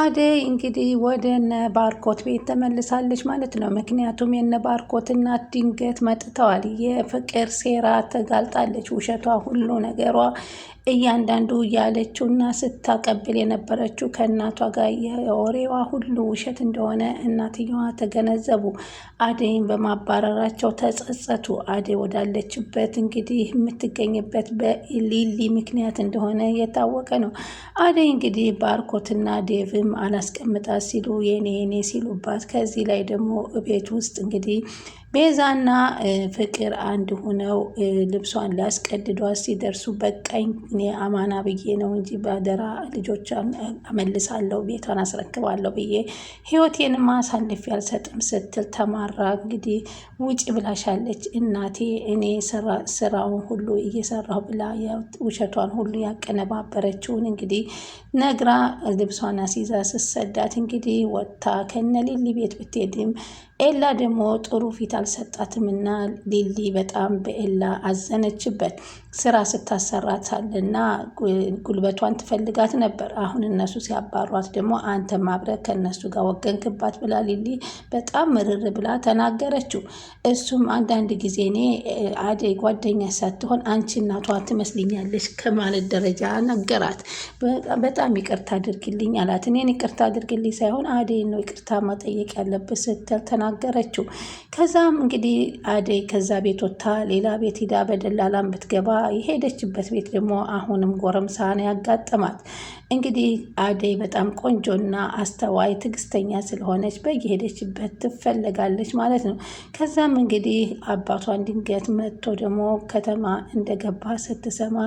አደይ እንግዲህ ወደ እነ ባርኮት ቤት ተመልሳለች ማለት ነው። ምክንያቱም የነ ባርኮት እናት ድንገት መጥተዋል። የፍቅር ሴራ ተጋልጣለች። ውሸቷ፣ ሁሉ ነገሯ እያንዳንዱ እያለችው እና ስታቀብል የነበረችው ከእናቷ ጋር የወሬዋ ሁሉ ውሸት እንደሆነ እናትየዋ ተገነዘቡ። አደይን በማባረራቸው ተጸጸቱ። አደይ ወዳለችበት እንግዲህ የምትገኝበት በሊሊ ምክንያት እንደሆነ የታወቀ ነው። አደይ እንግዲህ ባርኮትና ዴቭም አላስቀምጣት ሲሉ የኔ የኔ ሲሉባት ከዚህ ላይ ደግሞ ቤት ውስጥ እንግዲህ ቤዛና ፍቅር አንድ ሆነው ልብሷን ሊያስቀድዷ ሲደርሱ በቃኝ አማና ብዬ ነው እንጂ ባደራ ልጆቿን አመልሳለሁ፣ ቤቷን አስረክባለሁ ብዬ ህይወቴንም አሳልፌ ያልሰጥም ስትል ተማራ እንግዲህ ውጭ ብላሻለች እናቴ እኔ ስራውን ሁሉ እየሰራሁ ብላ ውሸቷን ሁሉ ያቀነባበረችውን እንግዲህ ነግራ ልብሷን አስይዛ ስትሰዳት እንግዲህ ወጥታ ከነሌሊ ቤት ብትሄድም ኤላ ደግሞ ጥሩ ፊት አልሰጣትም እና ሊሊ በጣም በኤላ አዘነችበት። ስራ ስታሰራታልና ጉልበቷን ትፈልጋት ነበር። አሁን እነሱ ሲያባሯት ደግሞ አንተ ማብረህ ከእነሱ ጋር ወገንክባት ብላ ሊሊ በጣም ምርር ብላ ተናገረችው። እሱም አንዳንድ ጊዜ እኔ አደይ ጓደኛ ሳትሆን አንቺ እናቷ ትመስልኛለች ከማለት ደረጃ ነገራት። በጣም ይቅርታ አድርግልኝ አላት። እኔን ይቅርታ አድርግልኝ ሳይሆን አደይ ነው ይቅርታ መጠየቅ ያለብህ ስትል ተናገረችው። ከዛም እንግዲህ አደይ ከዛ ቤት ወጥታ ሌላ ቤት ሂዳ በደላላም ብትገባ የሄደችበት ቤት ደግሞ አሁንም ጎረምሳ ነው ያጋጠማት። እንግዲህ አደይ በጣም ቆንጆና አስተዋይ ትዕግስተኛ ስለሆነች በየሄደችበት ትፈለጋለች ማለት ነው። ከዛም እንግዲህ አባቷን ድንገት መጥቶ ደግሞ ከተማ እንደገባ ስትሰማ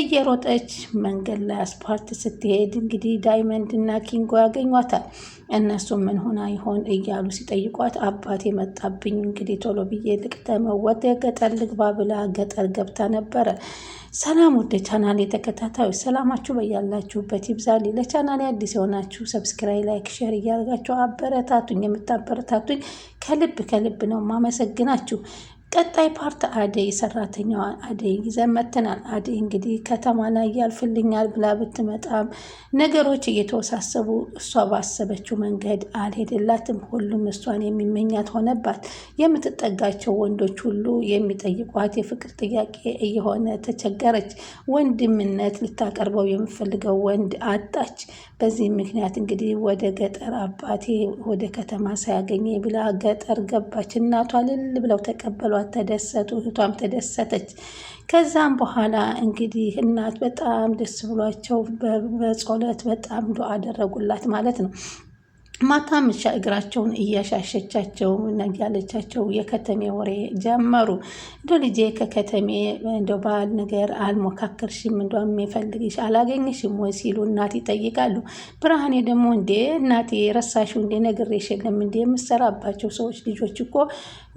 እየሮጠች መንገድ ላይ አስፓልት ስትሄድ እንግዲህ ዳይመንድ እና ኪንጎ ያገኟታል። እነሱም ምን ሆና ይሆን እያሉ ሲጠይቋት አባት የመጣብኝ እንግዲህ ቶሎ ብዬ ልቅደመው ወደ ገጠር ልግባ ብላ ገጠር ገብታ ነበረ። ሰላም ወደ ቻናል የተከታታዮች ሰላማችሁ በያላችሁ በያላችሁበት ይብዛል። ለቻናል አዲስ የሆናችሁ ሰብስክራይ፣ ላይክ፣ ሸር እያደርጋችሁ አበረታቱኝ። የምታበረታቱኝ ከልብ ከልብ ነው ማመሰግናችሁ። ቀጣይ ፓርት አደይ ሰራተኛዋ አደይ ይዘን መተናል። አደይ እንግዲህ ከተማ ላይ ያልፍልኛል ብላ ብትመጣም ነገሮች እየተወሳሰቡ እሷ ባሰበችው መንገድ አልሄደላትም። ሁሉም እሷን የሚመኛት ሆነባት። የምትጠጋቸው ወንዶች ሁሉ የሚጠይቋት የፍቅር ጥያቄ እየሆነ ተቸገረች። ወንድምነት ልታቀርበው የምፈልገው ወንድ አጣች። በዚህ ምክንያት እንግዲህ ወደ ገጠር አባቴ ወደ ከተማ ሳያገኘ ብላ ገጠር ገባች። እናቷ ልል ብለው ተቀበሏል። ተደሰቱ። እህቷም ተደሰተች። ከዛም በኋላ እንግዲህ እናት በጣም ደስ ብሏቸው በጸሎት በጣም ዱዓ አደረጉላት ማለት ነው። ማታም እግራቸውን እያሻሸቻቸው እያለቻቸው የከተሜ ወሬ ጀመሩ። እንደ ልጄ ከከተሜ እንደ ባል ነገር አልሞካከርሽም፣ እንደ የሚፈልግሽ አላገኝሽም ወይ ሲሉ እናት ይጠይቃሉ። ብርሃኔ ደግሞ እንዴ እናቴ ረሳሽው እንዴ ነግሬሽ የለም እንዴ የምሰራባቸው ሰዎች ልጆች እኮ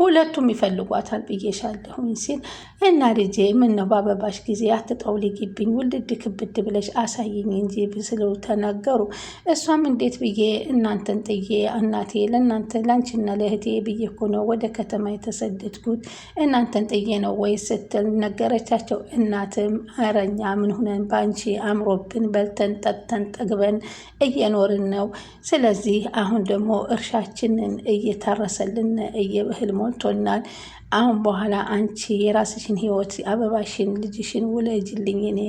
ሁለቱም ይፈልጓታል ብዬሻለሁኝ ሲል እና ልጄ ምን ነው በአበባሽ ጊዜ አትጠውልጊብኝ፣ ውልድ ክብድ ብለሽ አሳይኝ እንጂ ስለው ተናገሩ። እሷም እንዴት ብዬ እናንተ እናንተን ጥዬ እናቴ ለእናንተ ላንቺና ለእህቴ ብዬ እኮ ነው ወደ ከተማ የተሰደድኩት እናንተን ጥዬ ነው ወይ ስትል ነገረቻቸው። እናትም አረኛ ምን ሁነን በአንቺ አምሮብን በልተን ጠጥተን ጠግበን እየኖርን ነው። ስለዚህ አሁን ደግሞ እርሻችንን እየታረሰልን እየብህል ሞልቶናል። አሁን በኋላ አንቺ የራስሽን ህይወት አበባሽን ልጅሽን ውለጅልኝ እኔ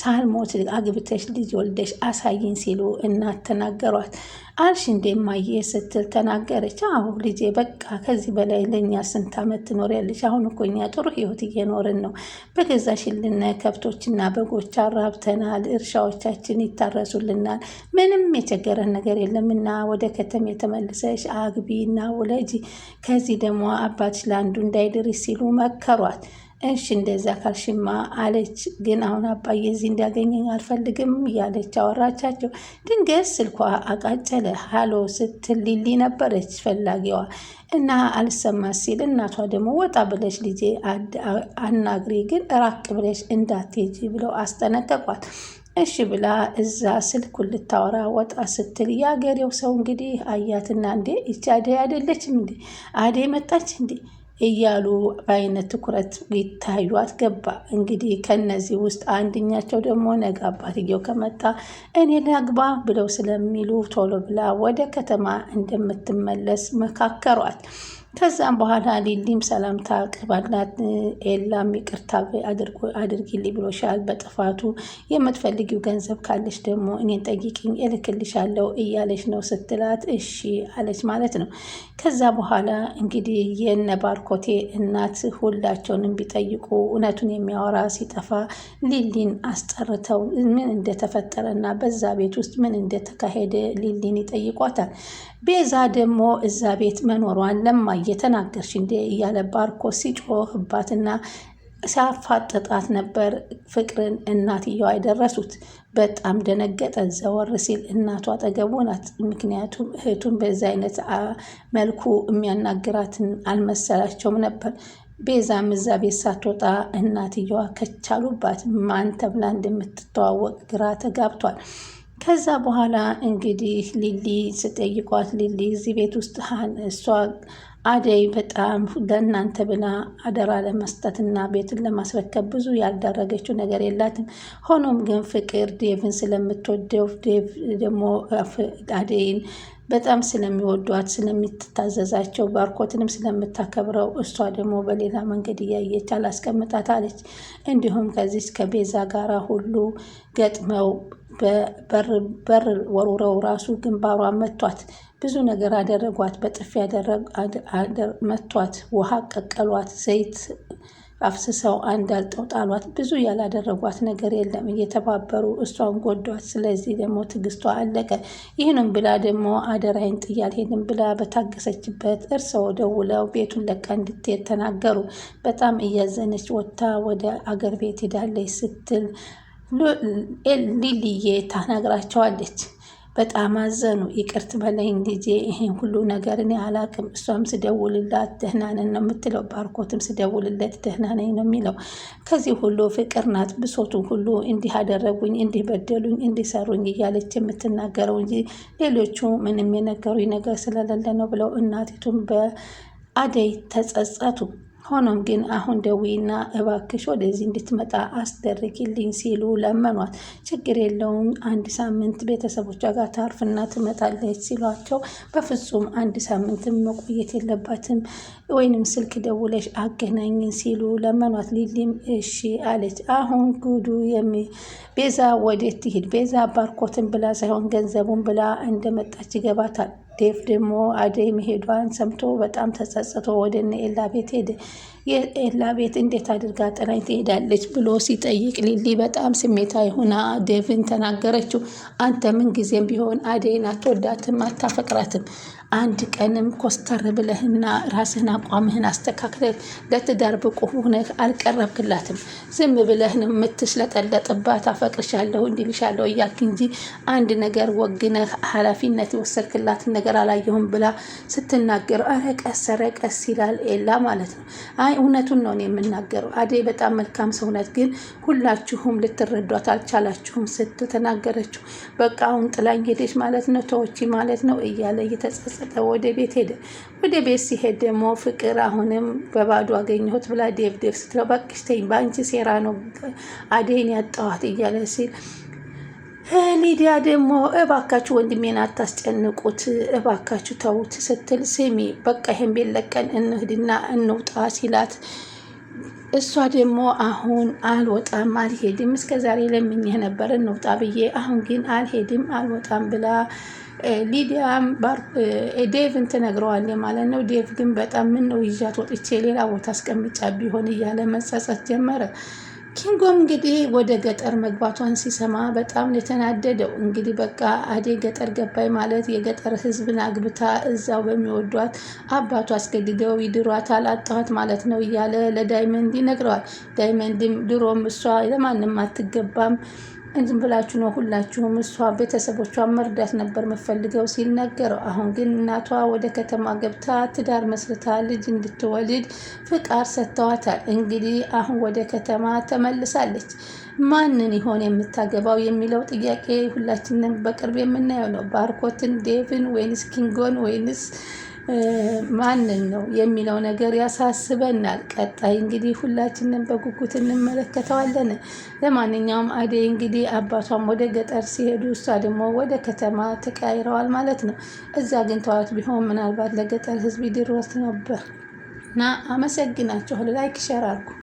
ሳልሞት አግብተሽ ልጅ ወልደሽ አሳይኝ ሲሉ እናት ተናገሯት። አልሽ እንዴ ማየ ስትል ተናገረች። አሁ ልጄ፣ በቃ ከዚህ በላይ ለእኛ ስንት ዓመት ትኖሪያለሽ? አሁን እኮ እኛ ጥሩ ህይወት እየኖርን ነው። በገዛ ሽልነ ከብቶችና በጎች አራብተናል። እርሻዎቻችን ይታረሱልናል። ምንም የቸገረን ነገር የለምና ወደ ከተም የተመልሰሽ አግቢና ውለጂ። ከዚህ ደግሞ አባትሽ ለአንዱ እንዳይድር ሲሉ መከሯት። እሺ እንደዛ ካልሽማ አለች። ግን አሁን አባዬ እዚህ እንዲያገኘኝ አልፈልግም እያለች አወራቻቸው። ድንገት ስልኳ አቃጨለ። ሀሎ ስትል ሊሊ ነበረች ፈላጊዋ እና አልሰማ ሲል እናቷ ደግሞ ወጣ ብለሽ ልጄ አናግሪ፣ ግን ራቅ ብለሽ እንዳትሄጂ ብለው አስጠነቀቋት። እሺ ብላ እዛ ስልኩን ልታወራ ወጣ ስትል የአገሬው ሰው እንግዲህ አያትና እንዴ ይቺ አደይ አይደለችም እንዴ አደይ መጣች እንዴ እያሉ በአይነት ትኩረት ሊታዩት ገባ። እንግዲህ ከነዚህ ውስጥ አንድኛቸው ደግሞ ነገ አባትየው ከመጣ እኔ ላግባ ብለው ስለሚሉ ቶሎ ብላ ወደ ከተማ እንደምትመለስ መካከሯል። ከዛም በኋላ ሊሊም ሰላምታ አቅርባላት ኤላም ይቅርታ አድርጊልኝ ብሎሻል በጥፋቱ የምትፈልጊው ገንዘብ ካለች ደግሞ እኔን ጠይቅኝ እልክልሻለሁ እያለች ነው ስትላት እሺ አለች ማለት ነው። ከዛ በኋላ እንግዲህ የነ ባርኮቴ እናት ሁላቸውንም ቢጠይቁ እውነቱን የሚያወራ ሲጠፋ ሊሊን አስጠርተው ምን እንደተፈጠረ እና በዛ ቤት ውስጥ ምን እንደተካሄደ ሊሊን ይጠይቋታል። ቤዛ ደግሞ እዛ ቤት መኖሯን ለማ እየተናገርሽ እንዴ እያለ ባርኮ ሲጮህባትና ሲያፋጥጣት ነበር። ፍቅርን እናትየዋ የደረሱት በጣም ደነገጠ። ዘወር ሲል እናቱ አጠገቡ ናት። ምክንያቱም እህቱን በዚህ አይነት መልኩ የሚያናግራትን አልመሰላቸውም ነበር። ቤዛ ምዛ ቤት ሳትወጣ እናትየዋ ከቻሉባት ማን ተብላ እንደምትተዋወቅ ግራ ተጋብቷል። ከዛ በኋላ እንግዲህ ሊሊ ስጠይቋት ሊሊ እዚህ ቤት ውስጥ እሷ አደይ በጣም ለእናንተ ብላ አደራ ለመስጠትና ቤትን ለማስረከብ ብዙ ያልደረገችው ነገር የላትም። ሆኖም ግን ፍቅር ዴቭን ስለምትወደው ዴቭ ደግሞ አደይን በጣም ስለሚወዷት ስለምትታዘዛቸው ባርኮትንም ስለምታከብረው እሷ ደግሞ በሌላ መንገድ እያየች አላስቀምጣታለች። እንዲሁም ከዚች ከቤዛ ጋር ሁሉ ገጥመው በር ወርውረው ራሱ ግንባሯ መቷት። ብዙ ነገር አደረጓት። በጥፊ መቷት። ውሃ ቀቀሏት። ዘይት አፍስሰው አንድ አልጠው ጣሏት። ብዙ ያላደረጓት ነገር የለም እየተባበሩ እሷን ጎዷት። ስለዚህ ደግሞ ትዕግስቷ አለቀ። ይህንም ብላ ደግሞ አደራይን ጥያል ሄድን ብላ በታገሰችበት እርሰው ደውለው ቤቱን ለቃ እንድትሄድ ተናገሩ። በጣም እያዘነች ወጥታ ወደ አገር ቤት ሄዳለች ስትል ሊልዬ ታናግራቸዋለች። በጣም አዘኑ። ይቅርት በለኝ ልጄ፣ ይህን ሁሉ ነገር እኔ አላቅም። እሷም ስደውልላት ደህና ነን ነው የምትለው። ባርኮትም ስደውልለት ደህና ነኝ ነው የሚለው። ከዚህ ሁሉ ፍቅር ናት ብሶቱ ሁሉ እንዲህ አደረጉኝ፣ እንዲህ በደሉኝ፣ እንዲህ ሰሩኝ እያለች የምትናገረው እንጂ ሌሎቹ ምንም የነገሩኝ ነገር ስለሌለ ነው ብለው እናቲቱን በአደይ ተጸጸቱ። ሆኖም ግን አሁን ደዊና እባክሽ ወደዚህ እንድትመጣ አስደርግልኝ ሲሉ ለመኗት። ችግር የለውም አንድ ሳምንት ቤተሰቦቿ ጋር ታርፍና ትመጣለች ሲሏቸው፣ በፍጹም አንድ ሳምንት መቆየት የለባትም ወይንም ስልክ ደውለሽ አገናኝን ሲሉ ለመኗት። ሊሊም እሺ አለች። አሁን ጉዱ ቤዛ ወዴት ትሄድ? ቤዛ ባርኮትን ብላ ሳይሆን ገንዘቡን ብላ እንደመጣች ይገባታል። ዴቭ ደግሞ አደይ መሄዷን ሰምቶ በጣም ተጸጽቶ ወደ ኤላ ቤት ሄደ። የኤላ ቤት እንዴት አድርጋ ጥላኝ ትሄዳለች ብሎ ሲጠይቅ ሊሊ በጣም ስሜታዊ ሆና ዴቭን ተናገረችው። አንተ ምን ጊዜም ቢሆን አደይን አትወዳትም፣ አታፈቅራትም። አንድ ቀንም ኮስተር ብለህና ራስህን አቋምህን አስተካክለህ ለትዳር ብቁ ሆነህ አልቀረብክላትም። ዝም ብለህን ነው የምትሽለጠለጥባት። አፈቅርሻለሁ እንዲልሻለሁ እያልክ እንጂ አንድ ነገር ወግነህ ኃላፊነት የወሰድክላትን ነገር አላየሁም ብላ ስትናገር፣ ኧረ ቀስ ይላል ኤላ ማለት ነው። አይ እውነቱን ነው የምናገረው። አደይ በጣም መልካም ሰው ናት፣ ግን ሁላችሁም ልትረዷት አልቻላችሁም ስትተናገረችው በቃ አሁን ጥላኝ ሄደች ማለት ነው ተወቺ ማለት ነው እያለ እየተጸጸጠ ወደ ቤት ሄደ። ወደ ቤት ሲሄድ ደግሞ ፍቅር አሁንም በባዶ አገኘሁት ብላ ዴቭ ስትለው በቅሽተኝ በአንቺ ሴራ ነው አደይን ያጣዋት እያለ ሲል ሊዲያ ደግሞ እባካችሁ ወንድሜን አታስጨንቁት፣ እባካችሁ ተዉት ስትል ስሚ በቃ ይሄን ቤለቀን ለቀን እንሂድና እንውጣ ሲላት እሷ ደግሞ አሁን አልወጣም አልሄድም፣ እስከ ዛሬ ለምኜህ ነበር እንውጣ ብዬ፣ አሁን ግን አልሄድም አልወጣም ብላ ሊዲያም ዴቭን ትነግረዋል ማለት ነው። ዴቭ ግን በጣም ምን ነው ይዣት ወጥቼ ሌላ ቦታ አስቀምጫ ቢሆን እያለ መጸጸት ጀመረ። ኪንጎም እንግዲህ ወደ ገጠር መግባቷን ሲሰማ በጣም የተናደደው እንግዲህ በቃ አዴ ገጠር ገባይ ማለት የገጠር ሕዝብን አግብታ እዛው በሚወዷት አባቱ አስገድደው ይድሯታል አጣኋት ማለት ነው እያለ ለዳይመንድ ይነግረዋል። ዳይመንድም ድሮም እሷ ለማንም አትገባም ዝም ብላችሁ ነው ሁላችሁም። እሷ ቤተሰቦቿ መርዳት ነበር የምፈልገው ሲል ነገረው። አሁን ግን እናቷ ወደ ከተማ ገብታ ትዳር መስርታ ልጅ እንድትወልድ ፍቃድ ሰጥተዋታል። እንግዲህ አሁን ወደ ከተማ ተመልሳለች። ማንን ይሆን የምታገባው የሚለው ጥያቄ ሁላችንን በቅርብ የምናየው ነው። ባርኮትን፣ ዴቭን፣ ወይንስ ኪንጎን ወይንስ ማንን ነው የሚለው ነገር ያሳስበናል። ቀጣይ እንግዲህ ሁላችንን በጉጉት እንመለከተዋለን። ለማንኛውም አደይ እንግዲህ አባቷም ወደ ገጠር ሲሄዱ እሷ ደግሞ ወደ ከተማ ተቀያይረዋል ማለት ነው። እዛ ተዋት ቢሆን ምናልባት ለገጠር ሕዝብ ይድሮት ነበር እና አመሰግናችኋል። ላይክ ሸር አድርጉ።